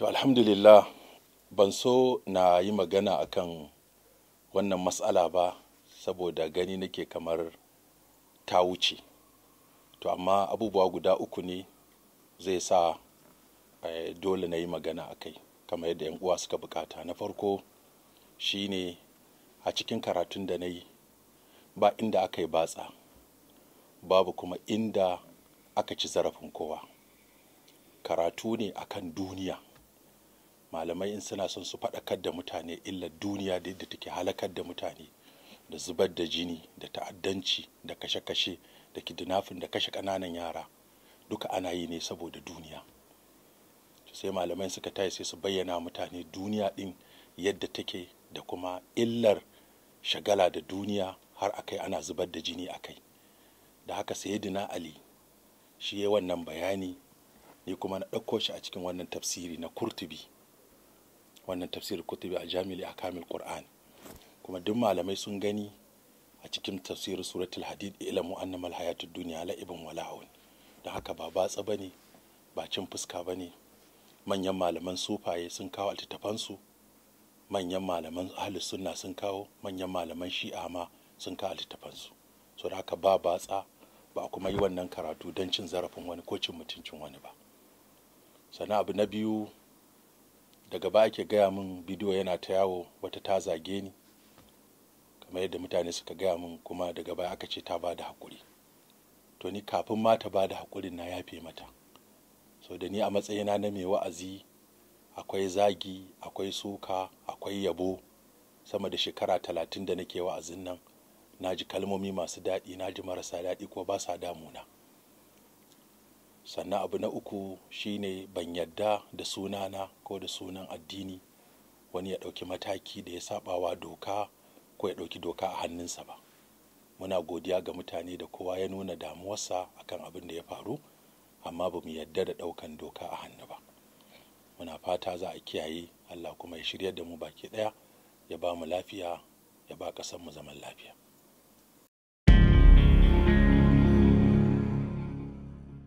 to alhamdulillah ban so na yi magana akan wannan matsala ba saboda gani nake kamar ta wuce to amma abubuwa guda uku ne zai sa eh, dole na yi magana a kai kamar yadda 'yan uwa suka bukata na farko shi ne a cikin karatun da na yi ba inda aka yi batsa babu kuma inda aka ci zarafin kowa karatu ne akan duniya malamai in suna son su faɗakar da mutane illar duniya da yadda take halakar da mutane da zubar da jini da ta'addanci da kashe-kashe da kidnafin da kashe ƙananan yara duka ana yi ne saboda duniya sai malamai suka tayi sai su bayyana mutane duniya ɗin yadda take da kuma illar shagala da duniya har akai ana zubar da jini akai da haka sayyidina ali shi ya wannan bayani ni kuma na ɗauko shi a cikin wannan tafsiri na kurtubi wannan tafsir kutubi a jami'il a kamil qur'an kuma duk malamai sun gani a cikin tafsirin suratul hadid ilamu annama alhayatud dunya la'ibun wa lahun da haka ba batsa bane ba cin fuska ba ne manyan malaman sufaye sun kawo su manyan malaman ahlus sunna sun kawo manyan malaman shi'a ma sun kawo su so da haka ba batsa ba kuma yi wannan karatu don cin zarafin wani ko cin mutuncin wani ba sannan abu na biyu daga ba ake gaya min bidiyo yana ta yawo wata ta zage ni kamar yadda mutane suka gaya min kuma daga baya aka ce ta ba da haƙuri to ni kafin ma ta ba da haƙurin na yafe mata Sau da ni a matsayina na mai wa'azi akwai zagi akwai suka akwai yabo sama da shekara talatin da nake wa'azin nan na ji kalmomi masu daɗi na ji marasa daɗi ko ba sa damuna sannan abu na uku shine ban yadda da sunana ko da sunan addini wani ya ɗauki mataki da ya sabawa doka ko ya ɗauki doka a hannunsa ba muna godiya ga mutane da kowa ya nuna damuwarsa akan abin da ya faru amma ba mu yadda da ɗaukan doka a hannu ba muna fata za a kiyaye allah kuma ya shirya da mu baki ɗaya ya ba mu lafiya ya ba ƙasar mu zaman lafiya